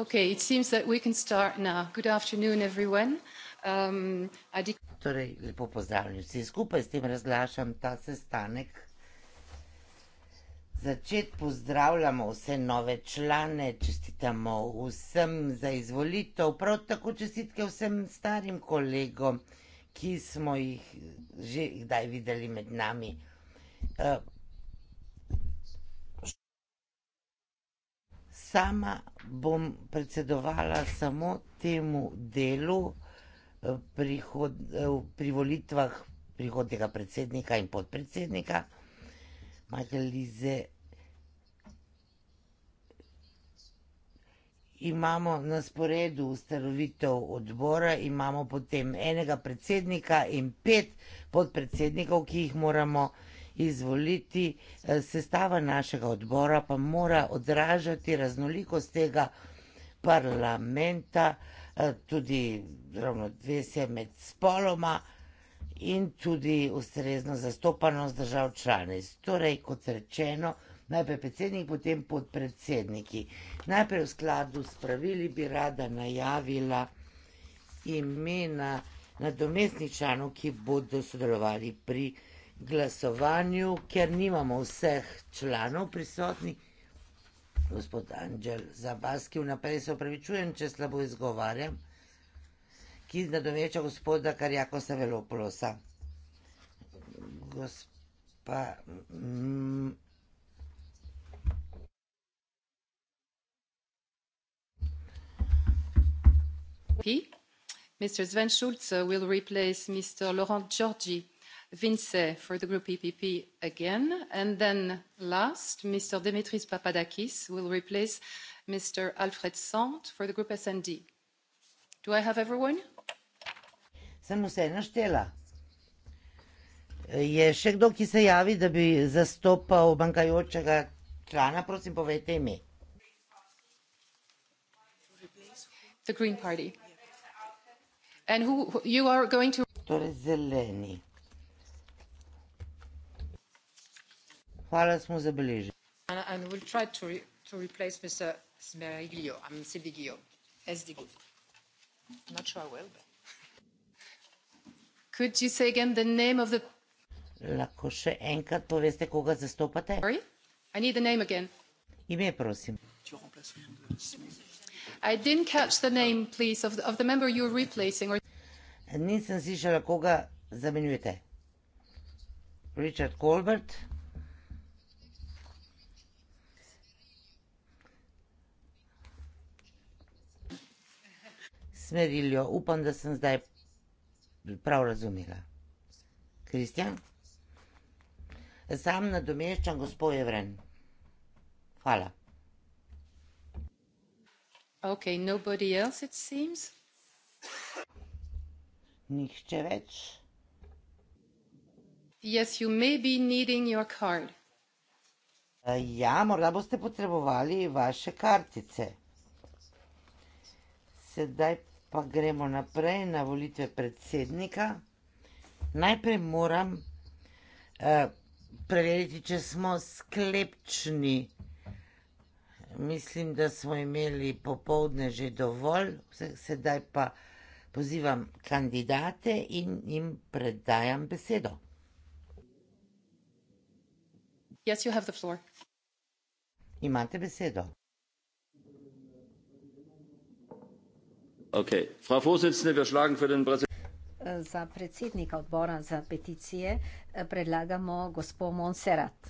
Okay, it seems that we can start now. Good afternoon, everyone. Um, adik- torej, lepo pozdravljeni vsi skupaj, s tem razglašam ta sestanek. Začet pozdravljamo vse nove člane, čestitamo vsem za izvolitev, prav tako čestitke vsem starim kolegom, ki smo jih že kdaj videli med nami. Uh, Sama bom predsedovala samo temu delu eh, prihod, eh, pri volitvah prihodnega predsednika in podpredsednika. Magalize. Imamo na sporedu ustanovitev odbora, imamo potem enega predsednika in pet podpredsednikov, ki jih moramo izvoliti. Eh, sestava našega odbora pa mora odražati raznolikost tega parlamenta, eh, tudi ravnotvesje med spoloma in tudi ustrezno zastopanost držav članic. Torej, kot rečeno, najprej predsednik, potem podpredsedniki. Najprej v skladu s pravili bi rada najavila imena nadomestnih članov, ki bodo sodelovali pri odboru glasovanju, ker nimamo vseh članov prisotnih. Gospod Anđel Zabaski, vnaprej se opravičujem, če slabo izgovarjam, ki nadomeča gospoda Karjakosa Veloplosa. Gospa... Mr. Mm, Sven Schulz will replace Mr. Laurent Georgi. Vince for the group EPP again. And then last, Mr. Dimitris Papadakis will replace Mr. Alfred Sant for the group SND. Do I have everyone? Sem vse naštela. Je še kdo, ki se javi, da bi zastopal bankajočega člana? Prosim, povejte ime. The Green Party. And who, who you are going to... Torej zeleni. Hvala, smo zabeležili. Lahko še enkrat poveste, koga zastopate? Ime, prosim. I didn't catch the name, please, of the, of the member you're replacing. Or... Nisem slišala, koga zamenjujete. Richard Colbert. smerilijo. Upam, da sem zdaj prav razumela. Kristjan? Sam nadomeščam gospod Evren. Hvala. Ok, nobody else it seems. Nihče več. Yes, you may be needing your card. Eh, ja, morda boste potrebovali vaše kartice. Sedaj Pa gremo naprej na volitve predsednika. Najprej moram eh, preveriti, če smo sklepčni. Mislim, da smo imeli popovdne že dovolj, sedaj pa pozivam kandidate in jim predajam besedo. Yes, Imate besedo. Za predsednika odbora za peticije eh, predlagamo gospo Monserrat.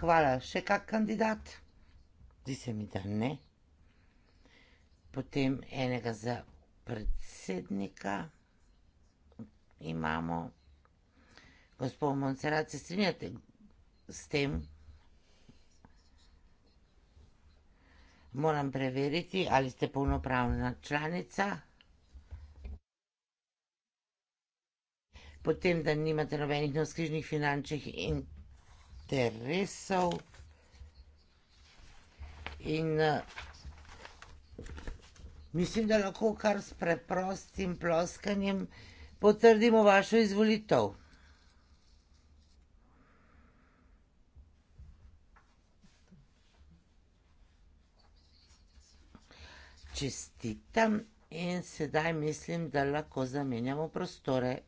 Hvala. Še kak kandidat? Zdi se mi, da ne. Potem enega za predsednika imamo. Gospod Monserrat, se strinjate s tem? Moram preveriti, ali ste polnopravna članica. Potem, da nimate nobenih navskrižnih finančnih interesov. In eh, mislim, da lahko kar s preprostim ploskanjem potrdimo vašo izvolitev. čestitam in sedaj mislim, da lahko zamenjamo prostore.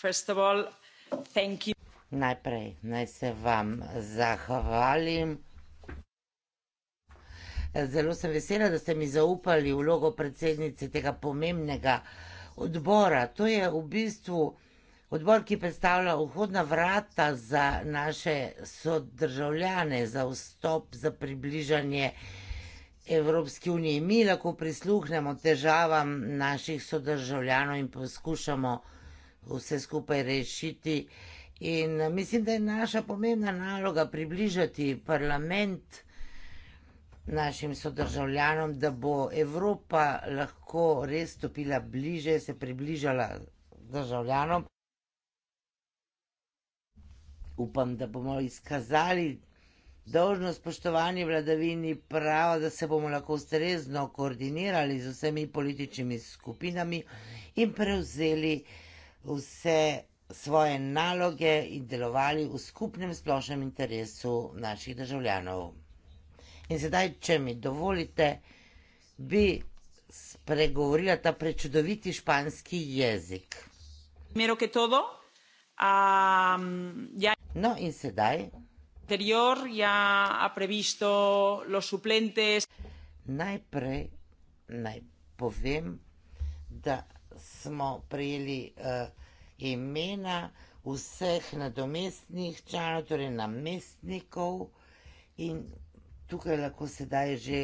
First of all, thank you. Najprej naj se vam zahvalim. Zelo sem vesela, da ste mi zaupali vlogo predsednice tega pomembnega odbora. To je v bistvu odbor, ki predstavlja vhodna vrata za naše sodržavljane, za vstop, za približanje Evropski uniji. Mi lahko prisluhnemo težavam naših sodržavljanov in poskušamo vse skupaj rešiti. Uh, In eh, mislim, da je naša pomembna naloga približati parlament našim sodržavljanom, da bo Evropa lahko res stopila bliže, se približala državljanom. Upam, da bomo izkazali dožno spoštovanje vladavini prava, da se bomo lahko ustrezno koordinirali z vsemi političnimi skupinami in prevzeli vse svoje naloge in delovali v skupnem splošnem interesu naših državljanov. In sedaj, če mi dovolite, bi spregovorila ta prečudoviti španski jezik. Primero que todo, um, ya... No, in sedaj. Anterior ya ha previsto los suplentes. Najprej naj povem, da smo prijeli uh, eh, imena vseh nadomestnih članov, torej namestnikov, in tukaj lahko sedaj že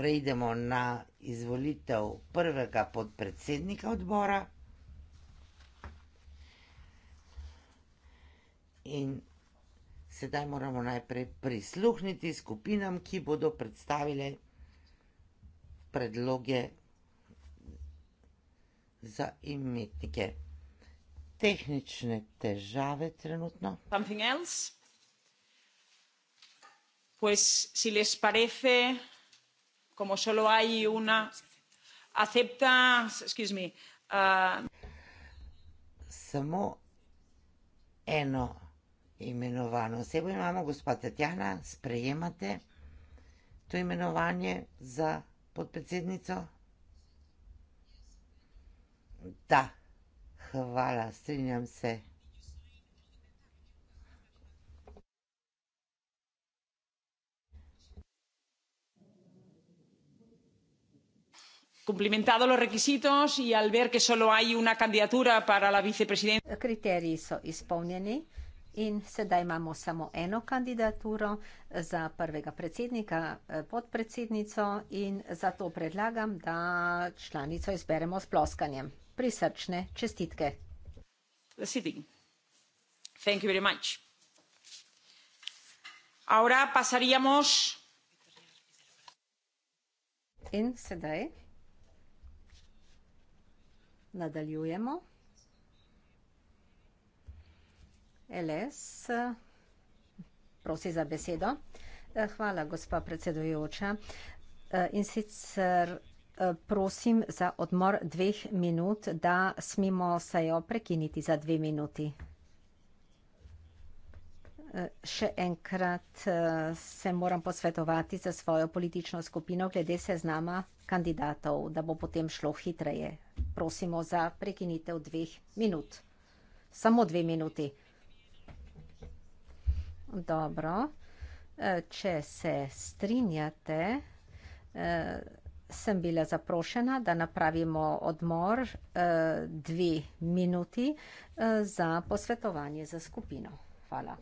preidemo na izvolitev prvega podpredsednika odbora. In sedaj moramo najprej prisluhniti skupinam, ki bodo predstavile predloge za imetnike tehnične težave trenutno. Something else? Pues si les parece, como solo hay una, acepta, excuse me. Uh... Samo eno imenovano osebo imamo, gospa Tatjana, sprejemate to imenovanje za podpredsednico? Da. Hvala, strinjam se. Cumplimentado los requisitos y al ver que solo hay una candidatura para la vicepresidenta. Kriteriji so izpolnjeni in sedaj imamo samo eno kandidaturo za prvega predsednika, eh, podpredsednico in zato predlagam, da članico izberemo s ploskanjem prisrčne čestitke. In sedaj nadaljujemo. LS, prosi za besedo. Hvala, gospa predsedujoča. E, in sicer Eh, prosim za odmor dveh minut, da smemo sejo prekiniti za dve minuti. Eh, še enkrat eh, se moram posvetovati za svojo politično skupino glede seznama kandidatov, da bo potem šlo hitreje. Prosimo za prekinitev dveh minut. Samo dve minuti. Dobro. Če se strinjate, sem bila zaprošena, da napravimo odmor eh, dve minuti eh, za posvetovanje za skupino. Hvala.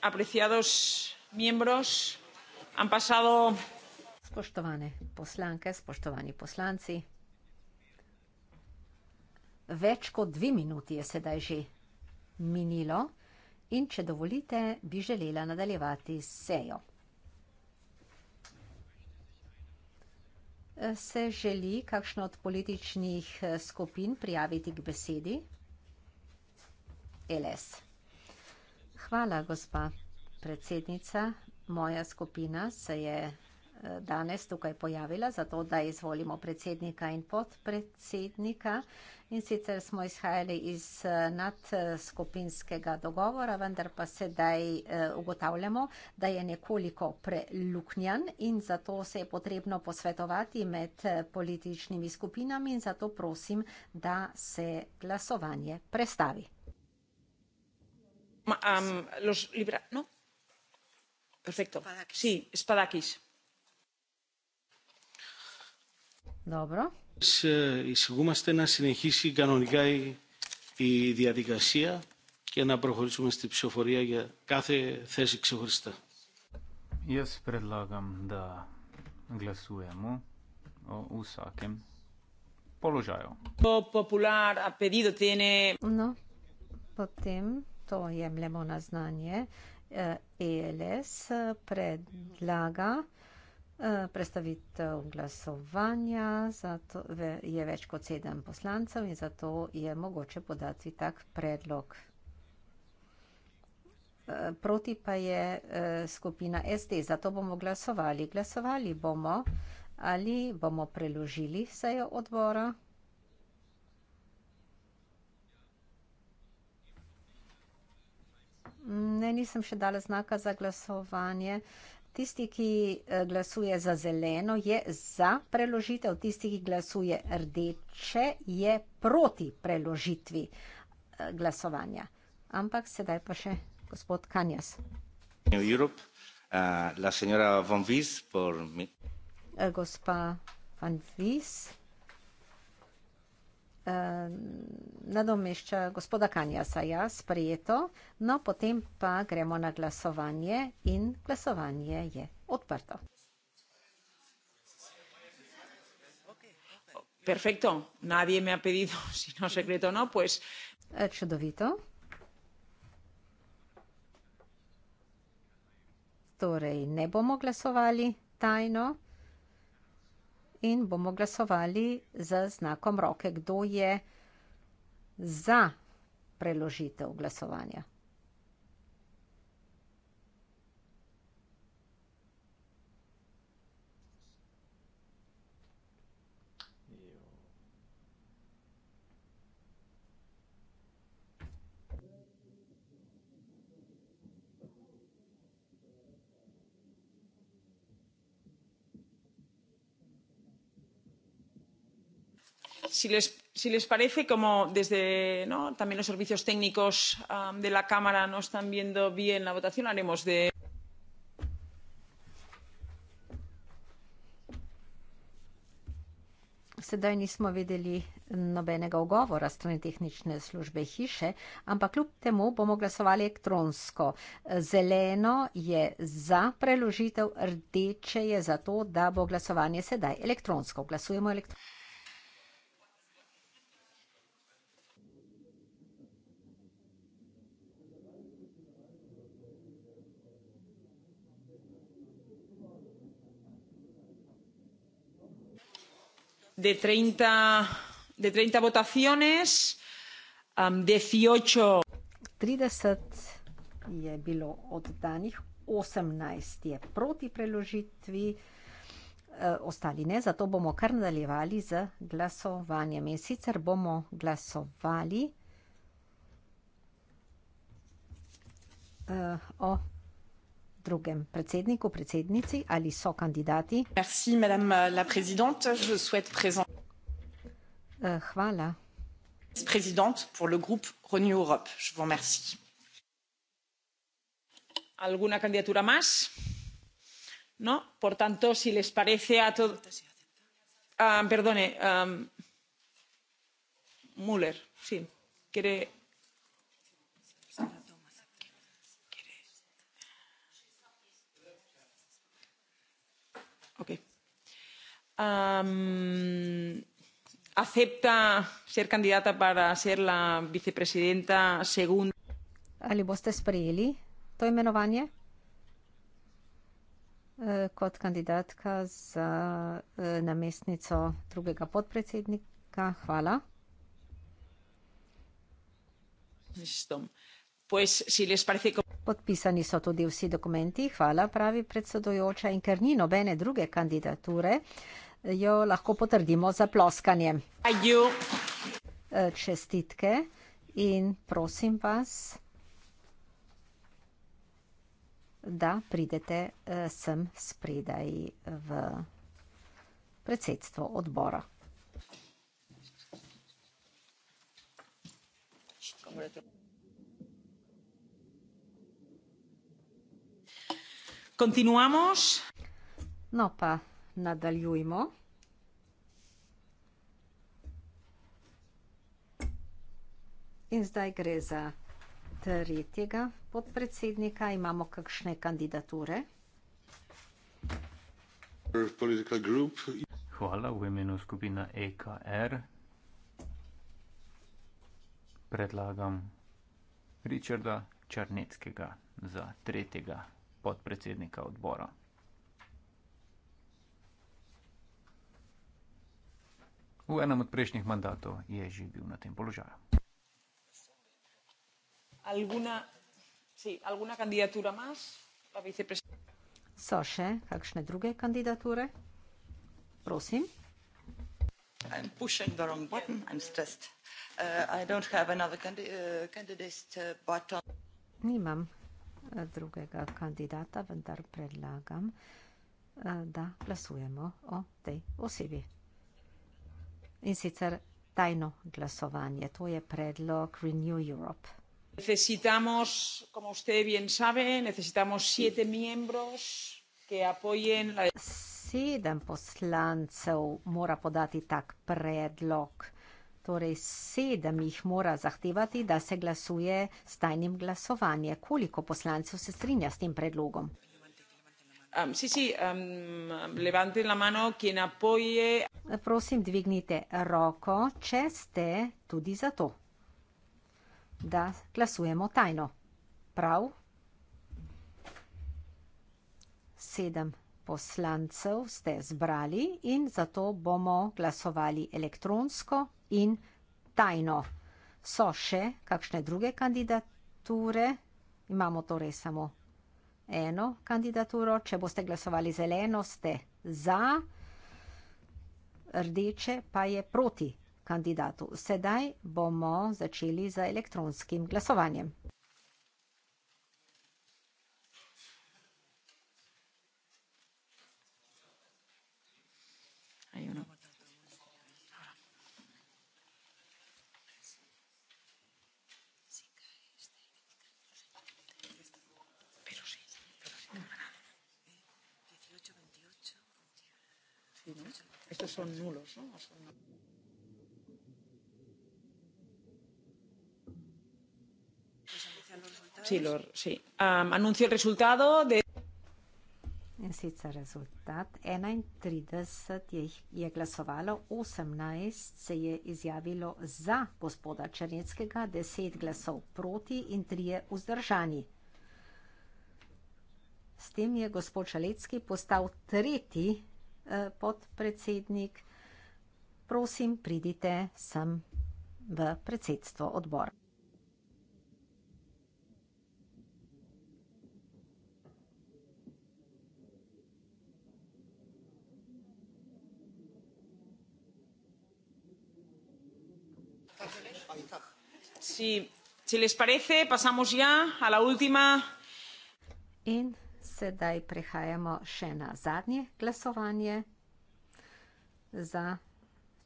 apreciados miembros han pasado Spoštovane poslanke, spoštovani poslanci. Več kot dve minuti je sedaj že minilo in če dovolite, bi želela nadaljevati s sejo. Se želi kakšno od političnih skupin prijaviti k besedi? LS. Hvala, gospa predsednica. Moja skupina se je eh, danes tukaj pojavila, zato da izvolimo predsednika in podpredsednika. In sicer smo izhajali iz eh, nadskupinskega dogovora, vendar pa sedaj eh, ugotavljamo, da je nekoliko preluknjan in zato se je potrebno posvetovati med političnimi skupinami in zato prosim, da se glasovanje prestavi εισηγούμαστε στενά να συνεχίσει κανονικά η, η διαδικασία και να προχωρήσουμε στη ψηφοφορία για κάθε θέση ξεχωριστά. Jaz predlagam, da glasujemo o vsakem položaju. Popular, a pedido tiene... No, potem to jemljemo na znanje. ELS eh, e predlaga eh, predstavitev glasovanja, zato je več kot sedem poslancev in zato je mogoče podati tak predlog. Eh, proti pa je skupina SD, zato bomo glasovali. Glasovali bomo ali bomo preložili sejo odbora. Ne, nisem še dala znaka za glasovanje. Tisti, ki eh, glasuje za zeleno, je za preložitev, tisti, ki glasuje rdeče, je proti preložitvi eh, glasovanja. Ampak sedaj pa še gospod Kanjas. Eh, gospa Van Vis nadomešča gospoda Kanjasa, ja, sprejeto, no potem pa gremo na glasovanje in glasovanje je odprto. Perfecto, nadie me ha pedido, si no secreto no, pues. Eh, čudovito. Torej, ne bomo glasovali tajno in bomo glasovali z znakom roke, kdo je za preložitev glasovanja. si les parece como desde ¿no? también los servicios técnicos de la cámara no están viendo bien la votación haremos de Sedaj nismo videli nobenega ugovora strani tehnične službe hiše, ampak kljub temu bomo glasovali elektronsko. Zeleno je za preložitev, rdeče je za to, da bo glasovanje sedaj elektronsko. Glasujemo elektronsko. de treinta votaciones, dieciocho. Trideset je bilo oddanih, osemnajst je proti preložitvi, e, ostali ne, zato bomo kar nadaljevali z glasovanjem. In sicer bomo glasovali e, o drugem predsedniku, predsednici ali so kandidati. Merci, Je présent... uh, eh, hvala. Presidente pour le groupe Renew Europe. Je vous remercie. ¿Alguna candidatura más? No. Por tanto, si les parece a todos. Uh, ah, perdone. Um, Müller. Sí. ¿Quiere.? acepta ser candidata para ser la vicepresidenta segunda. Ali boste sprejeli to imenovanje eh, kot kandidatka za eh, namestnico drugega podpredsednika? Hvala. Zdaj, pues si les parece. Podpisani so tudi vsi dokumenti, hvala pravi predsedujoča in ker ni nobene druge kandidature, jo lahko potrdimo za ploskanje. Adjo. Eh, čestitke in prosim vas, da pridete eh, sem spredaj v predsedstvo odbora. Come on, Continuamos. No pa nadaljujmo. In zdaj gre za tretjega podpredsednika. Imamo kakšne kandidature? Hvala v imenu skupina EKR. Predlagam Richarda Črneckega za tretjega podpredsednika podpredsednika odbora. V enem od prejšnjih mandatov je že bil na tem položaju. So še kakšne druge kandidature? Prosim. Uh, uh, uh Nimam drugega kandidata, vendar predlagam, eh, da glasujemo o tej osebi. In sicer tajno glasovanje, to je predlog Renew Europe. Necesitamos, como usted bien sabe, necesitamos siete miembros que apoyen la. Sedem poslancev mora podati tak predlog torej sedem jih mora zahtevati, da se glasuje s tajnim glasovanjem. Koliko poslancev se strinja s tem predlogom? Um, si, si, um, um mano, apoye... Prosim, dvignite roko, če ste tudi za to, da glasujemo tajno. Prav? Sedem poslancev ste zbrali in zato bomo glasovali elektronsko in tajno. So še kakšne druge kandidature? Imamo torej samo eno kandidaturo. Če boste glasovali zeleno, ste za, rdeče pa je proti kandidatu. Sedaj bomo začeli z elektronskim glasovanjem. son nulos. ¿no? O son nulos. Sí, lo, sí. Um, anuncio el resultado de. In sicer rezultat 31 jih je glasovalo, 18 se je izjavilo za gospoda Črneckega, 10 glasov proti in 3 vzdržani. S tem je gospod Čalecki postal tretji Eh, podpredsednik. Prosim, pridite sem v predsedstvo odbora. Si, si les parece, pasamos ya a la última. In sedaj prehajamo še na zadnje glasovanje za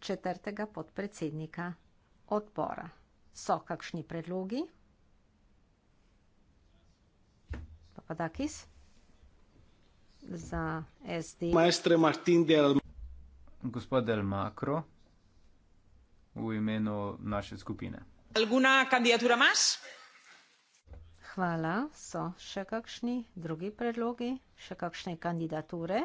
četrtega podpredsednika odbora. So kakšni predlogi? Papadakis? Za SD. Maestre Martin del. Gospod del Macro, v imenu naše skupine. Alguna candidatura más? Hvala. So še kakšni drugi predlogi, še kakšne kandidature?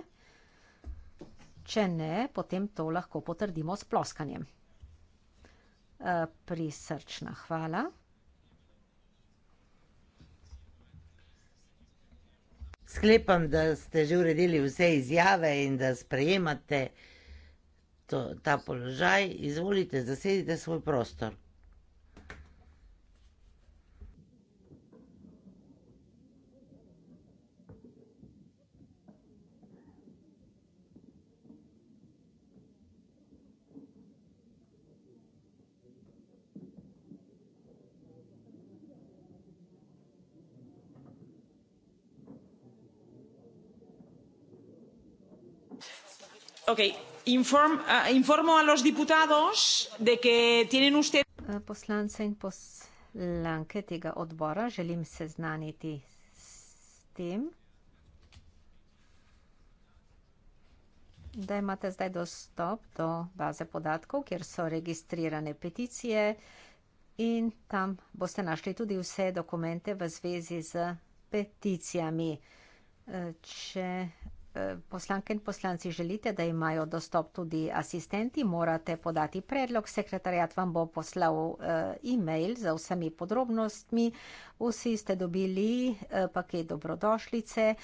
Če ne, potem to lahko potrdimo s ploskanjem. E, prisrčna hvala. Sklepam, da ste že uredili vse izjave in da sprejemate to, ta položaj. Izvolite, zasedite svoj prostor. Ah, eh, poslance in poslanke tega odbora želim seznaniti s tem, da imate zdaj dostop do baze podatkov, kjer so registrirane peticije in tam boste našli tudi vse dokumente v zvezi z peticijami. Eh, če Eh, poslanke in poslanci želite, da imajo dostop tudi asistenti, morate podati predlog. Sekretarjat vam bo poslal eh, e-mail za vsemi podrobnostmi. Vsi ste dobili eh, paket dobrodošlice.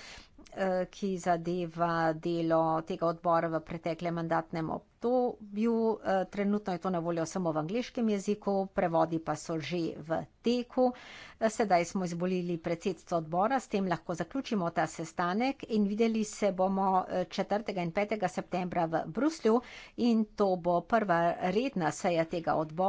Eh, ki zadeva delo tega odbora v preteklem mandatnem obdobju. Eh, trenutno je to na voljo samo v angliškem jeziku, prevodi pa so že v teku. Eh, sedaj smo izvolili predsedstvo odbora, s tem lahko zaključimo ta sestanek in videli se bomo 4. in 5. septembra v Bruslju in to bo prva redna seja tega odbora.